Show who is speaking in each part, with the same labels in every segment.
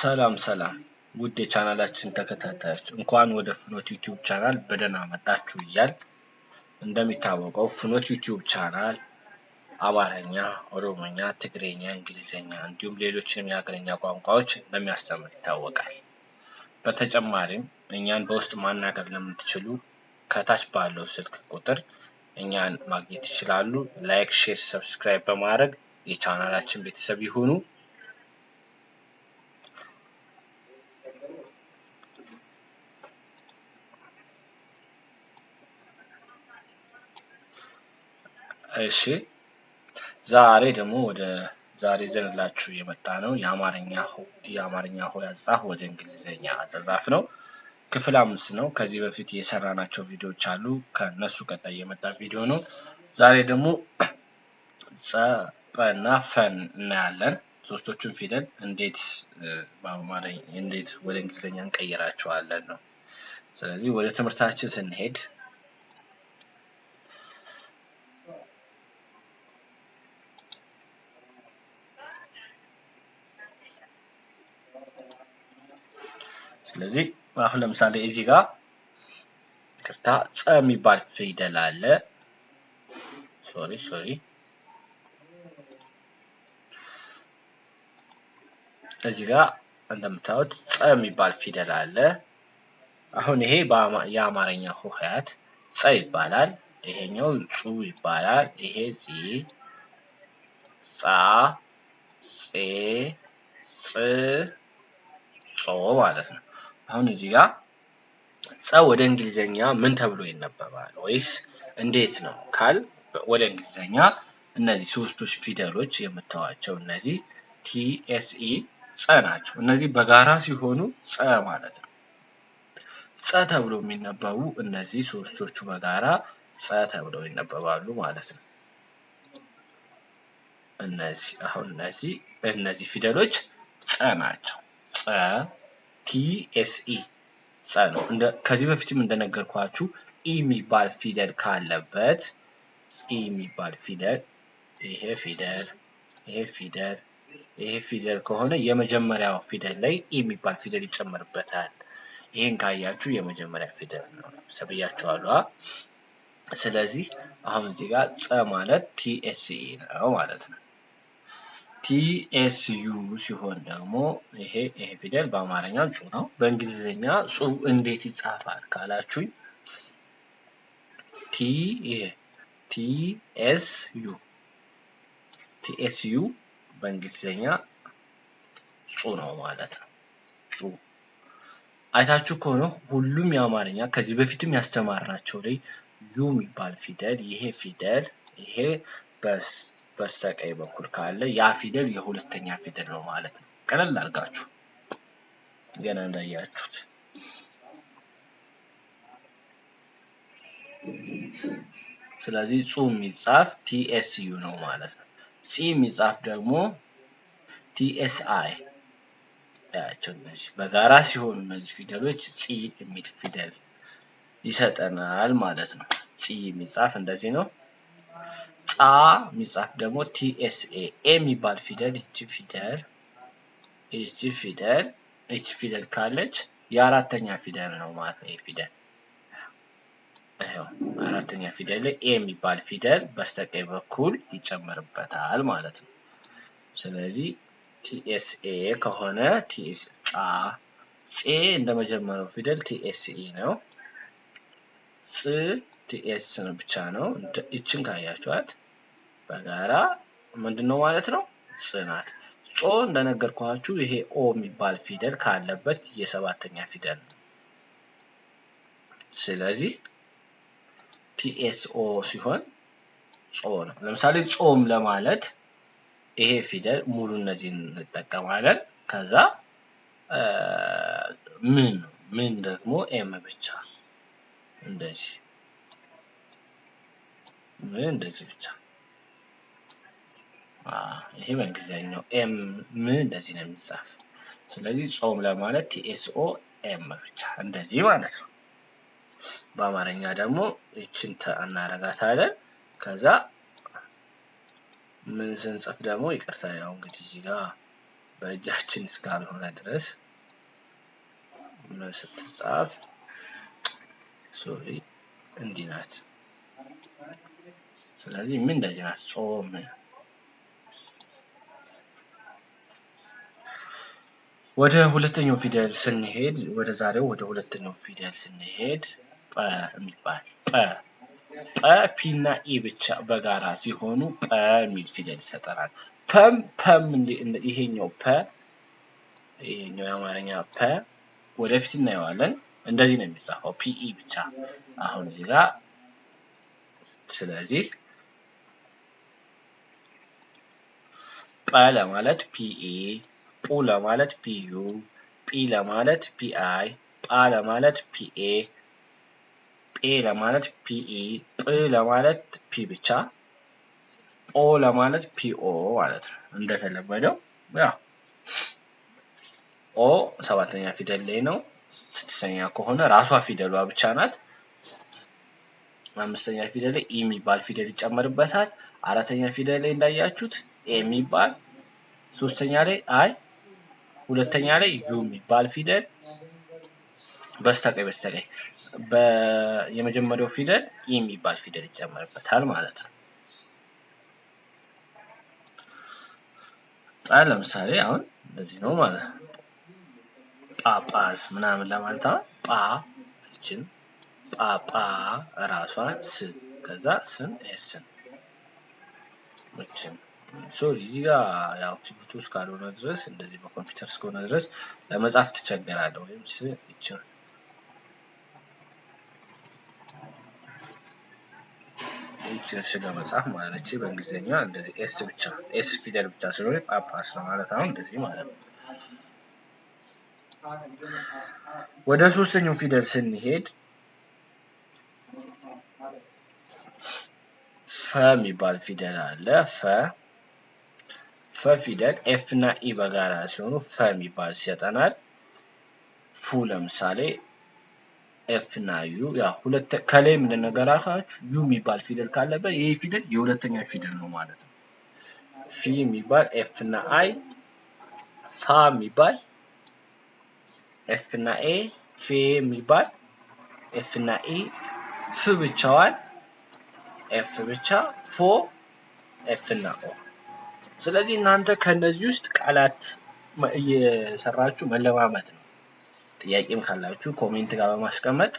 Speaker 1: ሰላም ሰላም ውድ የቻናላችን ተከታታዮች እንኳን ወደ ፍኖት ዩቲዩብ ቻናል በደህና መጣችሁ እያል እንደሚታወቀው ፍኖት ዩቲዩብ ቻናል አማርኛ፣ ኦሮሞኛ፣ ትግሬኛ፣ እንግሊዝኛ እንዲሁም ሌሎችንም የሀገረኛ ቋንቋዎች እንደሚያስተምር ይታወቃል። በተጨማሪም እኛን በውስጥ ማናገር ለምትችሉ ከታች ባለው ስልክ ቁጥር እኛን ማግኘት ይችላሉ። ላይክ፣ ሼር፣ ሰብስክራይብ በማድረግ የቻናላችን ቤተሰብ ይሁኑ። እሺ ዛሬ ደግሞ ወደ ዛሬ ዘንላችሁ የመጣ ነው የአማርኛ ሆ ያጻፍ ወደ እንግሊዝኛ አጻጻፍ ነው። ክፍል አምስት ነው። ከዚህ በፊት የሰራናቸው ቪዲዮዎች አሉ። ከነሱ ቀጣይ የመጣ ቪዲዮ ነው። ዛሬ ደግሞ ጸና ፈን እናያለን። ሶስቶቹን ፊደል እንዴት በአማርኛ እንዴት ወደ እንግሊዝኛ እንቀይራቸዋለን ነው። ስለዚህ ወደ ትምህርታችን ስንሄድ ስለዚህ አሁን ለምሳሌ እዚህ ጋር ቅርታ ጸ የሚባል ፊደል አለ። ሶሪ ሶሪ እዚህ ጋር እንደምታዩት ፀ የሚባል ፊደል አለ። አሁን ይሄ የአማርኛ ሆሄያት
Speaker 2: ጸ ይባላል።
Speaker 1: ይሄኛው ጹ ይባላል። ይሄ ዚ ጻ ጼ ጽ ጾ ማለት ነው። አሁን እዚህ ጋር ፀ ወደ እንግሊዘኛ ምን ተብሎ ይነበባል ወይስ እንዴት ነው ካል ወደ እንግሊዘኛ እነዚህ ሶስቱ ፊደሎች የምታዋቸው እነዚህ ቲኤስኢ ፀ ናቸው። እነዚህ በጋራ ሲሆኑ ፀ ማለት ነው። ፀ ተብሎ የሚነበቡ እነዚህ ሶስቶቹ በጋራ ፀ ተብለው ይነበባሉ ማለት ነው። እነዚህ አሁን እነዚህ እነዚህ ፊደሎች ፀ ናቸው። ፀ ቲኤስኢ ጸ ነው። ከዚህ በፊትም እንደነገርኳችሁ ኢ የሚባል ፊደል ካለበት ኢ የሚባል ፊደል ይሄ ፊደል ይሄ ፊደል ይሄ ፊደል ከሆነ የመጀመሪያው ፊደል ላይ ኢ የሚባል ፊደል ይጨመርበታል። ይህን ካያችሁ የመጀመሪያ ፊደል ነው ስለዚህ አሁን እዚህ ጋር ጸ ማለት ቲኤስኢ ነው ማለት ነው። ቲኤስዩ ሲሆን ደግሞ ይሄ ይሄ ፊደል በአማርኛ ጩ ነው። በእንግሊዝኛ ጹ እንዴት ይጻፋል ካላችሁኝ ቲ ቲኤስዩ ቲኤስዩ በእንግሊዝኛ ጹ ነው ማለት ነው። ጹ አይታችሁ ከሆነ ሁሉም የአማርኛ ከዚህ በፊትም ያስተማርናቸው ላይ ዩ የሚባል ፊደል ይሄ ፊደል ይሄ በስ በስተቀኝ በኩል ካለ ያ ፊደል የሁለተኛ ፊደል ነው ማለት ነው። ቀለል አድርጋችሁ ገና እንዳያችሁት ስለዚህ ጹ የሚጻፍ ቲኤስዩ ነው ማለት ነው። ሲ የሚጻፍ ደግሞ ቲኤስአይ ያቸው እነዚህ በጋራ ሲሆኑ እነዚህ ፊደሎች ፂ የሚል ፊደል ይሰጠናል ማለት ነው። ፂ የሚጻፍ እንደዚህ ነው። ጣ የሚጻፍ ደግሞ ቲኤስኤ የሚባል ፊደል ይቺ ፊደል ይቺ ፊደል ይቺ ፊደል ካለች የአራተኛ ፊደል ነው ማለት ነው። ይህ ፊደል ይኸው አራተኛ ፊደል ላይ ኤ የሚባል ፊደል በስተቀኝ በኩል ይጨመርበታል ማለት ነው። ስለዚህ ቲኤስኤ ከሆነ ቲኤስ ጣ ፄ እንደ መጀመሪያው ፊደል ቲኤስኤ ነው። ጽ ቲኤስ ብቻ ነው። ይችን ካያችኋት በጋራ ምንድን ነው ማለት ነው ጽናት። ጾ እንደነገርኳችሁ ይሄ ኦ የሚባል ፊደል ካለበት የሰባተኛ ፊደል ነው። ስለዚህ ቲኤስኦ ሲሆን ጾ ነው። ለምሳሌ ጾም ለማለት ይሄ ፊደል ሙሉ እነዚህ እንጠቀማለን። ከዛ ምን ምን ደግሞ ኤም ብቻ እንደዚህ ምን እንደዚህ ብቻ ይሄ በእንግሊዝኛው ኤም እንደዚህ ነው የሚጻፍ። ስለዚህ ጾም ለማለት ቲኤስኦ ኤም ብቻ እንደዚህ ማለት ነው። በአማርኛ ደግሞ ይችን እናረጋታለን። ከዛ ምን ስንጽፍ ደግሞ ይቅርታ፣ ያው እንግዲህ እዚህ ጋር በእጃችን እስካልሆነ ድረስ ምን ስትጻፍ ሶሪ እንዲህ ናት። ስለዚህ ምን እንደዚህ ናት ጾም ወደ ሁለተኛው ፊደል ስንሄድ ወደ ዛሬው ወደ ሁለተኛው ፊደል ስንሄድ ጠ የሚባል ጠ ጠ ፒና ኢ ብቻ በጋራ ሲሆኑ ጠ የሚል ፊደል ይሰጠናል። ፐም ፐም ይሄኛው ፐ ይሄኛው የአማርኛ ፐ ወደፊት እናየዋለን። እንደዚህ ነው የሚጻፈው ፒኢ ብቻ አሁን እዚህ ጋር ስለዚህ ጳ ለማለት ፒኢ ፑ ለማለት ፒዩ፣ ፒ ለማለት ፒአይ፣ ጳ ለማለት ፒኤ፣ ጴ ለማለት ፒኢ፣ ጵ ለማለት ፒ ብቻ፣ ኦ ለማለት ፒኦ ማለት ነው። እንደተለመደው ያ ኦ ሰባተኛ ፊደል ላይ ነው። ስድስተኛ ከሆነ ራሷ ፊደሏ ብቻ ናት። አምስተኛ ፊደል ላይ ኢ የሚባል ፊደል ይጨመርበታል። አራተኛ ፊደል ላይ እንዳያችሁት ኤ የሚባል ሶስተኛ ላይ አይ ሁለተኛ ላይ ዩ የሚባል ፊደል በስተቀኝ በስተቀኝ የመጀመሪያው ፊደል ኢ የሚባል ፊደል ይጨመርበታል ማለት ነው። ለምሳሌ አሁን እንደዚህ ነው ማለት ነው። ጳጳስ ምናምን ለማለት አሁን ጳ ችን ጳጳ ራሷን ስ ከዛ ስን ኤስን እችን ሶ እዚህ ጋር ያው ኪቦርድ ውስጥ ድረስ እንደዚህ በኮምፒውተር እስከሆነ ድረስ ለመጻፍ ትቸገራለህ ወይም ስ ይችል ይችን ለመጻፍ ማለት በእንግሊዝኛ እንደዚህ ኤስ ብቻ ኤስ ፊደል ብቻ ስለሆነ ጳጳ ስለማለት አሁን እንደዚህ ማለት ነው። ወደ ሶስተኛው ፊደል ስንሄድ ፈ የሚባል ፊደል አለ ፈ ፈ ፊደል ኤፍ እና ኢ e በጋራ ሲሆኑ ፈ የሚባል ይሰጠናል። ፉ ለምሳሌ ኤፍ እና ዩ ከላይ የምንነገራችሁ ዩ የሚባል ፊደል ካለበት ይህ ፊደል የሁለተኛ ፊደል ነው ማለት ነው። ፊ የሚባል ኤፍ እና አይ፣ ፋ የሚባል ኤፍ እና ኤ፣ ፌ የሚባል ኤፍ እና ኢ፣ e፣ ፍ ብቻዋን ኤፍ ብቻ፣ ፎ ኤፍ እና ኦ ስለዚህ እናንተ ከነዚህ ውስጥ ቃላት እየሰራችሁ መለማመድ ነው። ጥያቄም ካላችሁ ኮሜንት ጋር በማስቀመጥ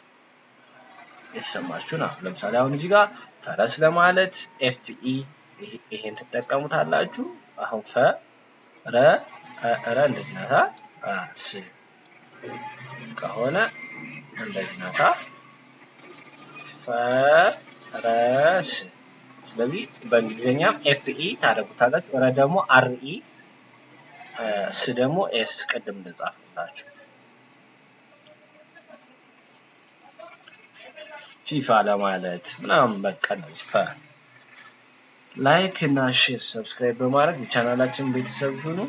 Speaker 1: የተሰማችሁ ነው። ለምሳሌ አሁን እዚህ ጋር ፈረስ ለማለት ኤፍኢ ይሄን ትጠቀሙታላችሁ። አሁን ፈ ረ ረ እንደዚህ ናታ ስ ከሆነ እንደዚህ ናታ ፈረስ ስለዚህ በእንግሊዝኛ ኤፍ ኢ ረ ደግሞ አር ኢ፣ ስ ደግሞ ኤስ ቅድም እንደጻፍኩላችሁ ፊፋ ለማለት ምናምን በቃ እነዚህ ፈ ላይክ እና ሼር ሰብስክራይብ በማድረግ የቻናላችን ቤተሰብ ሁኑ።